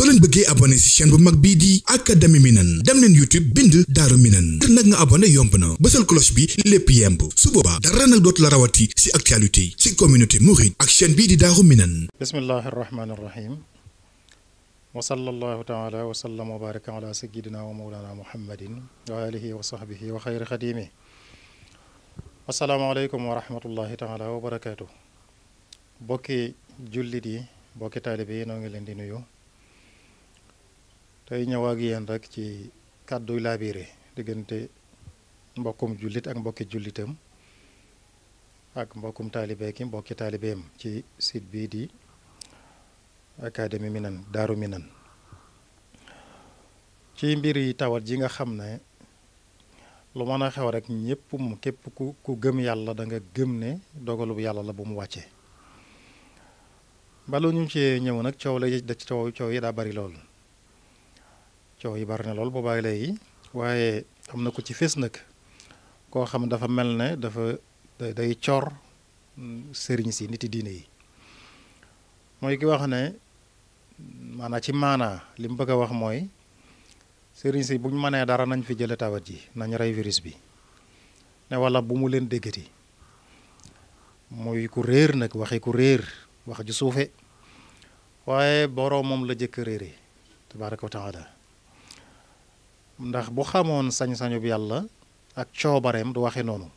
soo leen bëggee abonné ci chaîne bu mag bii di Académie Minane dem leen YouTube bind Daaru Minane ngir nag nga abonné yomb na bësal cloche bi lépp yemb su boobaa dara nag dootu la rawati ci actualité ci communauté mouride ak chaîne bii di Daaru Minane bismillahi rahmaani rahim wa sallallahu taala wa sallam wa baraka ala sayyidina wa mawlana muhammadin wa alihi wa sahbihi wa xayri xadimi asalaamaaleykum bokki jullit yi bokki taalibe yi ngi leen di nuyu tey ñëw ak yéen rek ci kàdduy laabire diggante mbokkum jullit ak mbokki jullitam ak mbokkum taalibe ki mbokki taalibeem ci site bii di académie Minane Daaru minan ci mbir yi tawat ji nga xam ne lu mën a xew rek ñëpp mu képp ku ku gëm yàlla danga gëm ne dogalub yàlla la bu mu wàccee balu ñu ci ñëw nag coow la da coow coow yi daa bari lool coow yi bari na lool boobaay léegi waaye am na ko ci fés nag koo xam dafa mel ne dafa day coor sëriñ si niti diine yi mooy ki wax ne maanaa ci maanaa li mu bëgg a wax mooy sëriñ si bu ñu mënee dara nañ fi jële tawat ji nañ rey virus bi ne walla bu mu leen déggati muy ku réer nag waxi ku réer wax ju suufe waaye boroom moom la jëkk réere tabaaraka wa taala ndax bu xamoon sañ-sañub yàlla ak coobareem du waxe noonu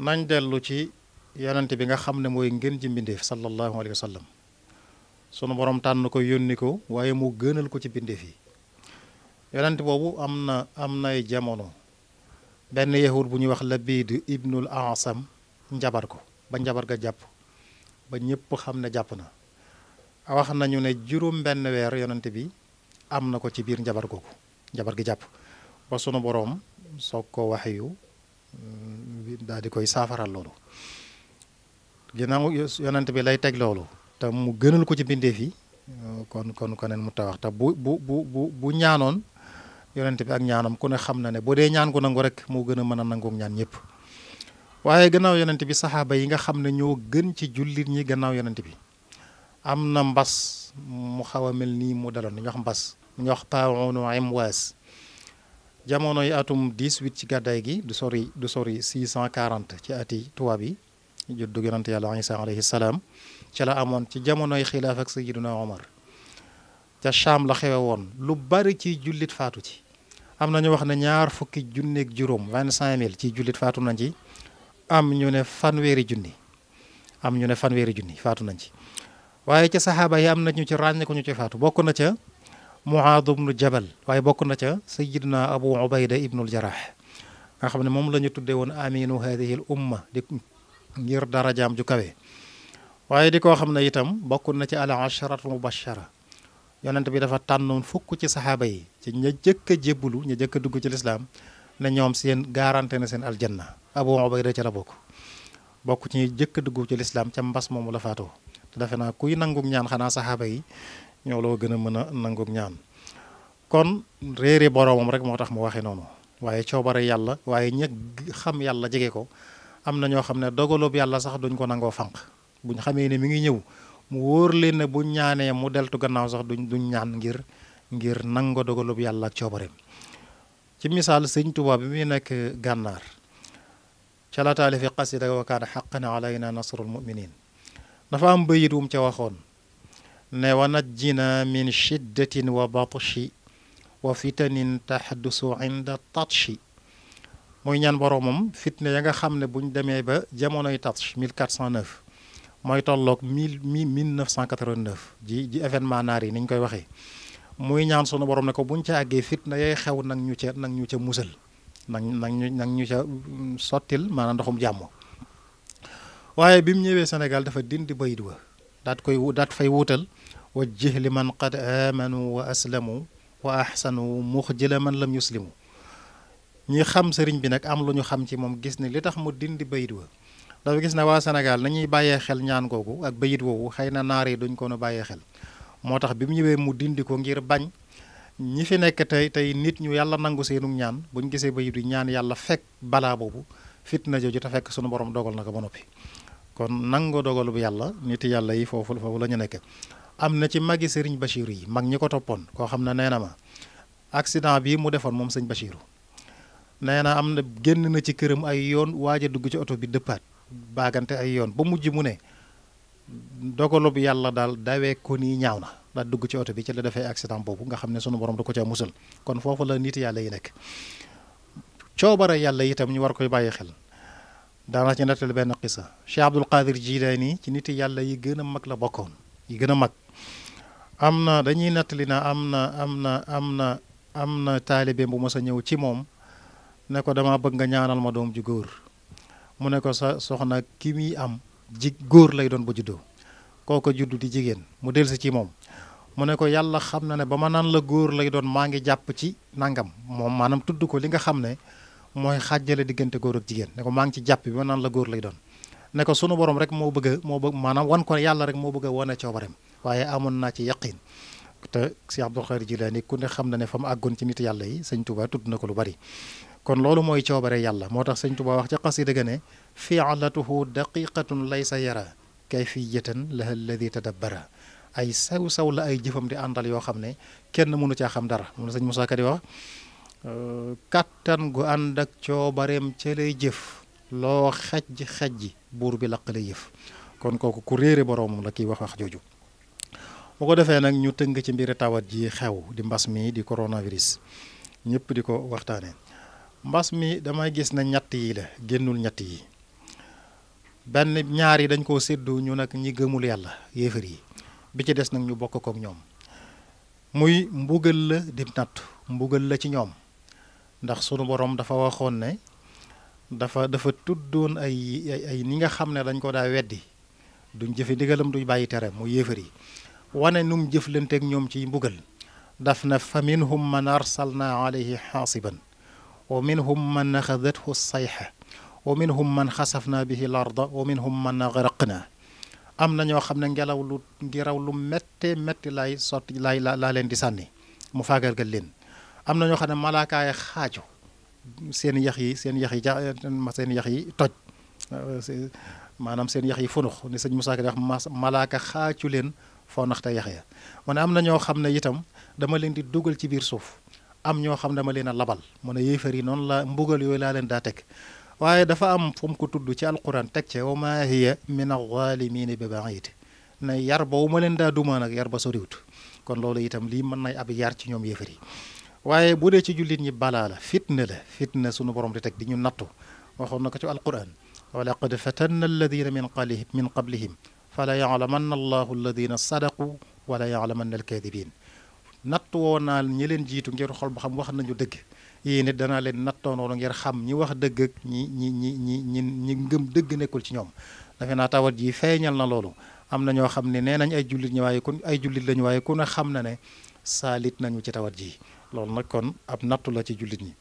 nañ dellu ci yonent bi nga xam ne mooy ngeen ji mbindeef sallallahu alayhi wa sunu boroom tànn ko yónni ko waaye mu gënal ko ci mbindeef yi yonent boobu am na am nay jamono benn yahud bu ñuy wax Labiid ibnul Asam njabar ko ba njabar ga jàpp ba ñépp xam ne jàpp na wax nañu ne juróom benn weer yonent bi am na ko ci biir njabar googu jabar gi jàpp ba sunu boroom soog ko wax yu mm, daal di koy saafaral loolu ginnaaw yonent bi lay teg loolu te mu gënal ko ci bindeef yi uh, kon kon koneen mu tawax te bu bu bu bu bu ñaanoon yonent bi ak ñaanam ku ne xam na ne boo dee ñaan ko nangu rek moo gën a mën a nangoog ñaan ñëpp waaye gannaaw yonent bi saxaaba yi nga xam ne ñoo gën ci jullit ñi gannaaw yonent bi am na mbas mu xaw a mel nii mu daloon dañuy wax mbas dañuy wax paonu imwaas jamono yi atum 18 ci gàddaay gi du sori du sori 640 ci ati tubaab yi juddu yonante yàlla Isa alayhi salaam ca la amoon ci jamonoy xilaaf ak sayyiduna Omar ca Cham la woon lu bari ci jullit faatu ci am na ñu wax ne ñaar fukki junneeg juróom 25000 ci jullit faatu nañ ci am ñu ne fanweeri junni am ne fanweeri junni faatu nañ ci waaye ca saxaaba yi am na ñu ci ràññe ko ñu ci faatu bokk na ca Muaad ibnu Jabal waaye bokk na ca sayidna Abu Ubayda ibnul Jaraax nga xam ne moom lañu tuddee woon aminu hadihi l umma di ngir darajaam ju kawe waaye di koo xam ne itam bokk na ci al asharatul mubashara yonent bi dafa tànnoon fukk ci saxaaba yi ci ña jëkk a jébbalu ña jëkk a dugg ci lislaam ne ñoom seen garanté na seen aljanna Abu Ubayda ca la bokk bokk ci ñi jëkk a ci lislaam ca mbas moomu la faatoo defe naa kuy nangug ñaan xanaa saxaaba yi ñoo loo gën a mën a nangug ñaan kon réere boroomam rek moo tax mu waxee noonu waaye coobare yàlla waaye ña xam yàlla jege ko am na ñoo xam ne dogaloob yàlla sax duñ ko nangoo fànq buñ xamee ne mi ngi ñëw mu wóor leen bu ñaanee mu deltu gannaaw sax duñ duñ ñaan ngir ngir nango dogaloob yàlla ak coobareem ci misaal sëñ tubaab bi muy nekk gànnaar ca la taalifi qasida wa kaana xaqan naa nasrul muminin dafa am bayit wum ca waxoon ne wa najjina min shiddatin wa batshi wa fitanin tahdusu inda tatshi muy ñaan boromam fitne ya nga xam ne buñ demee ba jamonoy tatsh 1409 mooy tolloog 1989 ji ji événement naar yi niñ koy waxee muy ñaan sunu borom ne ko buñ ca àggee fitne yay xew nag ñu ca nag ñu ca musal nag nag ñu nag ñu ca mm, sottil maanaam ndoxum jàmm waaye bi mu ñëwee senegal dafa dindi bayit wa daat koy daat fay wuutal wajjih li man qad amanu wa aslamu wa ahsanu muxjila man lam yuslimu ñi xam sëriñ bi nag am lu ñu xam ci moom gis ni li tax mu dindi bayit wa dafa gis ne waa Sénégal nañuy bàyyee xel ñaan googu ak bayit woowu xëy na naar yi duñ ko nu bàyyee xel moo tax bi mu ñëwee mu dindi ko ngir bañ ñi fi nekk tey tey nit ñu yàlla nangu seenu ñaan buñ gisee bayit yi ñaan yàlla fekk balaa boobu fitna jooju te fekk sunu borom dogal na ko ba noppi kon nangu dogal bu yàlla nit yàlla yi foofu foofu la ñu nekk am na ci magi sëriñ Bachiru yi mag ñi ko toppoon koo xam ne nee na ma accident bi mu defoon moom sëñ Bachiru nee na am na génn na ci këram ay yoon waaj a dugg ci oto bi dëppaat baagante ay yoon ba mujj mu ne dogalub yàlla daal dawee ko nii ñaaw na daal dugg ci oto bi ci la defee accident boobu nga xam ne sunu borom da ko ca musal kon foofu la nit yàlla yi nekk coobara yàlla itam ñu war koy bàyyi xel daana ci nettali benn xisa Cheikh Abdul Qadir nii ci nit yàlla yi gën a mag la bokkoon yi gën a mag am na dañuy nettali na am na am na am na am na taalibeem bu mos a ñëw ci moom ne ko dama bëgg nga ñaanal ma doom ju góor mu ne ko sa soxna kii muy am ji góor lay doon ba juddoo kooko juddu di jigéen mu si ci moom mu ne ko yàlla xam na ne ba ma naan la góor lay doon maa ngi jàpp ci nàngam moom maanaam tudd ko li nga xam ne mooy xàjjale diggante góor ak jigéen ne ko maa ngi ci jàpp bi ba naan la góor lay doon ne ko sunu borom rek moo bëgg moo bëgg maanaam wan ko yàlla rek moo bëgg a wane coobareem waaye amoon naa ci yaqin te Cheikh ji Khadre Jilani ku ne xam na ne fa àggoon ci nit yàlla yi sëñ Touba tudd na ko lu bari kon loolu mooy coobare yàlla moo tax sëñ Touba wax ca xasida ga ne fi'latuhu daqiqatun laysa yara kayfiyatan laha alladi tadabbara ay saw saw la ay jëfam di àndal yoo xam ne kenn mënu caa xam dara mun na sëñ Ka di kàttan gu ànd ak coobareem ca lay jëf loo xajj xajji buur bi laq yëf kon kooku ku réere boroomam la kiy wax wax jooju boo ko defee nag ñu tënk ci mbiri tawat ji xew di mbas mi di korona coronavirus ñëpp di ko waxtaanee mbas mi damay gis na ñett yi la génnul ñett yi benn ñaar yi dañ koo séddu ñu nag ñi gëmul yàlla yéefar yi bi ci des nag ñu bokk kook ñoom muy mbugal la di natt mbugal la ci ñoom ndax sunu boroom dafa waxoon ne dafa dafa tuddoon ay ay ni nga xam ne dañ ko daa weddi duñ jëfe ndigalam duy bàyyi tere mu yéefar yi wane nu mu jëflanteeg ñoom ci mbugal daf na fa minhum man arsalna alayhi xaasiban wa minhum man axadathu sayxa wa minhum man xasafna bihi l arda wa minhum man agraqna am na ñoo xam ne ngelaw lu ngiraw lu métte métti lay sotti lay laa leen di sànni mu faagargal leen am na ñoo xam ne malaakaay xaaju seen yax yi seen yax yi ja seen yax yi toj euh, maanaam seen yax yi funux ni sëñ Moussa Ka wax mas malaaka xaacu leen fonax te yax ya mu ne am na ñoo xam ne itam dama leen di dugal ci biir suuf am ñoo xam dama leen a labal mu ne yéefar yi noonu la mbugal yooyu laa leen daa teg waaye dafa am fu ko tudd ci alquran teg ce wa ma hiya min alzalimina bi baid ne yar ba wu ma leen daa dumaa nag yar ba soriwut kon loolu itam lii mën nay ab yar ci ñoom yéefar yi waaye bu dee ci jullit ñi balaa la fitna la fitna sunu borom di teg di ñu nattu waxoon na ko ci alquran walaqad fatanna alladina min qalihim min qablihim fala yalamanna allahu alladina sadaqu wala yalamanna alkadibin natt woo naa ñi leen jiitu ngir xol ba xam wax nañu dëgg yii nit danaa leen nattoo nattoonoo ngir xam ñi wax dëgg ak ñi ñi ñi ñi ñi ngëm dëgg nekkul ci ñoom dafe naa tawat ji feeñal na loolu am na ñoo xam ne nee nañ ay jullit ñi waaye ku ay jullit lañu waaye ku ne xam na ne saalit nañu ci tawat ji loolu nag kon ab nattu la ci jullit ñi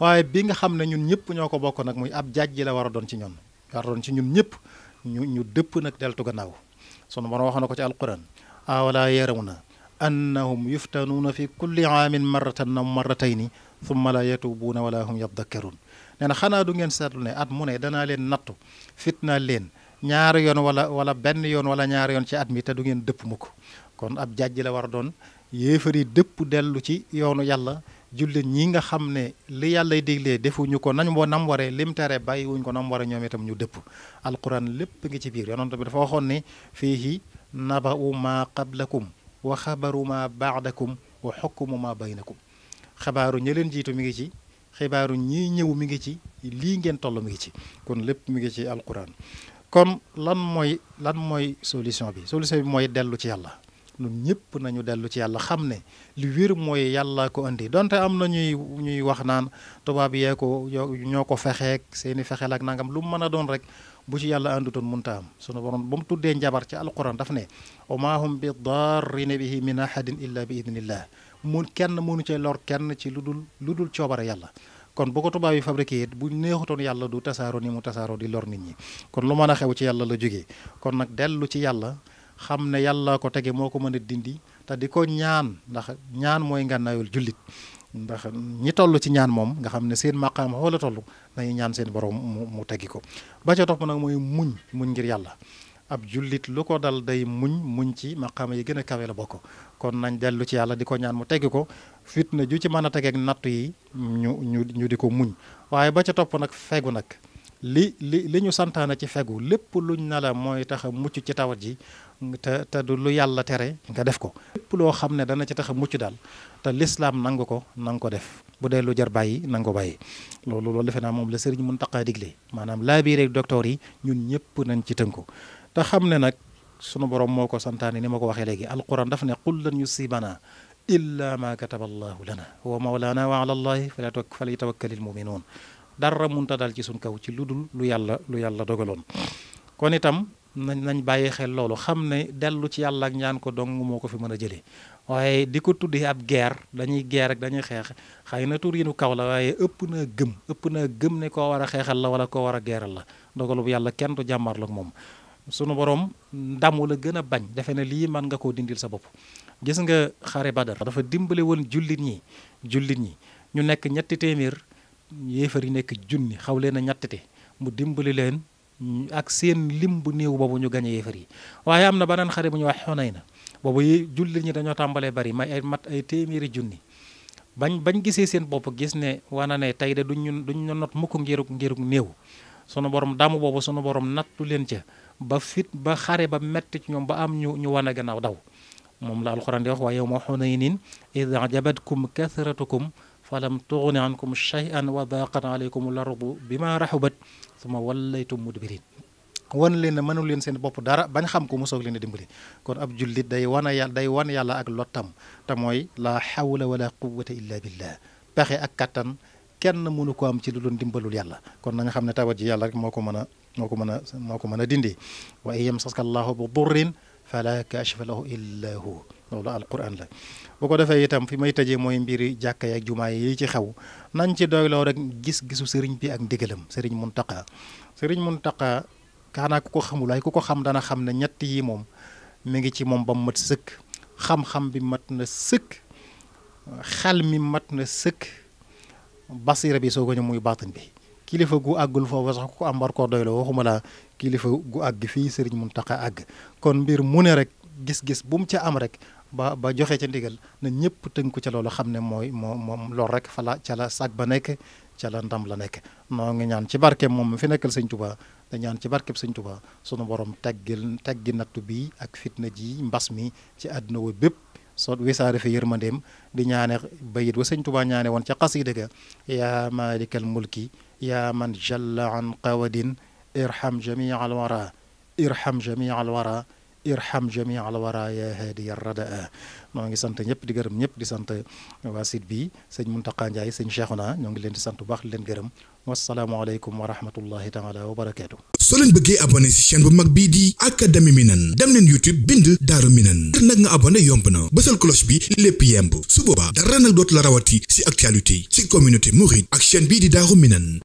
waaye bi nga xam ne ñun ñëpp ñoo ko bokk nag muy ab jaaj la war doon ci ñoom war doon ci ñun ñëpp ñu ñu dëpp nag deltu gannaaw sunu borom wax na ko ci alquran awalaa yarawna annahum na fi kulli aamin mu aw marratayni thumma la yatubuuna wala hum yaddakkaruun nee na xanaa du ngeen seetlu ne at mu ne danaa leen nattu fitna leen ñaari yoon wala wala benn yoon wala ñaari yoon ci at mi te du ngeen dëpp mukk kon ab jaaj la war a doon yéefar yi dëpp dellu ci yoonu yàlla jullit ñi nga xam ne li yàllay diglee defuñu ko nañ boo nam waree lim tere bàyyi wuñ ko nam waree ñoom itam ñu dëpp alquran lépp ngi ci biir yonent bi dafa waxoon ne fiihi naba'u ma qablakum wa xabaru ma baadakum wa xukmu ma baynakum xabaaru ñi leen jiitu mi ngi ci xibaaru ñii ñëw mi ngi ci lii ngeen toll mi ngi ci kon lépp mi ngi ci alquran kon lan mooy lan mooy solution bi solution bi mooy dellu ci yàlla ñun ñëpp nañu dellu ci yàlla xam ne li wér mooy yàlla ko indi donte am na ñuy ñuy wax naan tubaab yee ko ñoo ko fexeek seeni fexeel ak nangam lu mu mën a doon rek bu ci yàlla àndutoon munta am sunu borom ba mu tuddee njabar ci alquran dafa ne wa maa hum bi darrina bi min ahadin illa bi idnillah mu kenn mënu cee lor kenn ci lu dul lu dul coobare yàlla kon bu ko tubaab yi fabriqué it bu neexutoon yàlla du tasaaroo ni mu tasaaroo di lor nit ñi kon lu mën a xew ci yàlla la jógee kon nag dellu ci yàlla xam ne yàlla ko tege moo ko mën a dindi te di ko ñaan ndax ñaan mooy nga ngànnaayul jullit ndax ñi toll ci ñaan moom nga xam ne seen maqaam xoola toll dañuy ñaan seen borom mu mu tegi ko ba ca topp nag mooy muñ muñ ngir yàlla ab jullit lu ko dal day muñ muñ ci maqaama yi gën a kawe la bokk kon nañ dellu ci yàlla di ko ñaan mu teggi ko fitna ju ci mën a tegeeg nattu yi ñu ñu di ko muñ waaye ba ca topp nag fegu nag li li li ñu santaana ci fegu lépp lu ñu la mooy tax mucc ci tawat ji te te du lu yàlla tere nga def ko lépp loo xam ne dana ci tax mucc daal te lislaam nangu ko nanga ko def bu dee lu jar bàyyi nanga ko bàyyi loolu loolu defe naa moom la sëriñ Muntaqa digle maanaam laa bii rek docteur yi ñun ñëpp nañ ci tënku te xam ne nag su nu borom moo ko santaane ni ma ko waxee léegi alquran daf ne qul lan yusibana illa ma kataba allahu lana wa mawlana wa ala allahi fala fali tawakkali almuminuun dara ta dal ci suñ kaw ci lu dul lu yàlla lu yàlla dogaloon kon itam nañ nañ bàyyi xel loolu xam ne dellu ci yàlla ak ñaan ko dong moo ko fi mën a jëlee waaye di ko tuddee ab guerre dañuy geer ak dañuy xeex xëy na tuur yi nu kaw la waaye ëpp naa gëm ëpp naa gëm ne koo war a xeexal la wala koo war a geeral la dogalu bu yàlla kenn du jàmmarloog moom sunu boroom ndamu la gën a bañ defe ne lii man nga koo dindil sa bopp gis nga xare Badar dafa dimbale woon ñi jullit ñi ñu nekk ñetti téeméer yéefar yi nekk junni xaw leen a ñattite mu dimbali leen ak seen lim bu néew boobu ñu gañ yéefar yi waaye am na beneen xare bu ñu wax xonay na boobu yi jullit ñi dañoo tàmbalee bari may ay mat ay téeméeri junni bañ bañ gisee seen bopp gis ne wana ne tey de duñ ñu duñ ñu not mukk ngiruk ngiruk néew sunu borom damu boobu sunu borom nattu leen ca ba fit ba xare ba mett ci ñoom ba am ñu ñu wane gannaaw daw moom la alxuraan di wax waaye yow ma xonaynin id falam tughni ankum shay'an wa daqat alaykum al-ardu bima rahubat suma wallaytum mudbirin wan leen ne mënul leen seen bopp dara bañ xam ko mosoog leen a dimbali kon ab jullit day wan a yàlla day wan yàlla ak lottam te mooy la hawla wala quwwata illa billah pexe ak kattan kenn mënu ko am ci lu doon dimbalul yàlla kon na xam ne tawat ji yàlla rek moo ko mën moo ko mën a moo ko mën a dindi wa in yamsaska allahu bi durrin fala kashifa lahu illa hu loolu alquran la boo ko defee itam fi may tëjee mooy mbir jàkka yi ak jumaa yi ci xew nañ ci doyloo rek gis-gisu sëriñ bi ak ndigalam sëriñ Muntaqa sëriñ Muntaqa kaanaa ku ko xamul ku ko xam dana xam ne ñett moom mi ngi ci moom ba mu mat sëkk xam-xam bi mat na sëkk xel mi mat na sëkk basira bi soo ko muy baatin bi kilifa gu àggul foofu sax ku am war kilifa gu àgg fii sëriñ Muntaqa àgg kon mbir mu ne rek gis-gis bu mu ca am rek ba ba joxe ca ndigal na ñëpp tënku ca loolu xam ne mooy moo moom loolu rek fa la ca la sag ba nekk ca la ndam la nekk noo ngi ñaan ci barke moom fi nekkal sëñ Tuubaa da ñaan ci barkeb sëñ Tuubaa sunu borom teggil teggi nattu bi ak fitna ji mbas mi ci àdduna wu bépp soo wisaare fi yërmandeem di ñaane bayit wa sëñ Tuubaa ñaane woon ca xasida ga yaa malikal mulki yaa man jalla an qawadin irham jamia alwara irham jamia alwara irham jamii al wara ya hadiya radaa noo ngi sant ñëpp di gërëm ñëpp di sant waa site bi sëñ Muntaqa Njaay sëñ Cheikhuna ñoo ngi leen di sant bu baax di leen gërëm wasalaamualeykum wa rahmatullahi taala wa barakaatu soo leen bëggee abonné si chaîne bu mag bi di Académie Minane dem leen YouTube bind Daaru Minane dër nag nga abonné yomb na bësal cloche bi lépp yemb su boobaa dara nag dootu la rawati si actualité si communauté mouride ak chaîne bii di Daaru Minane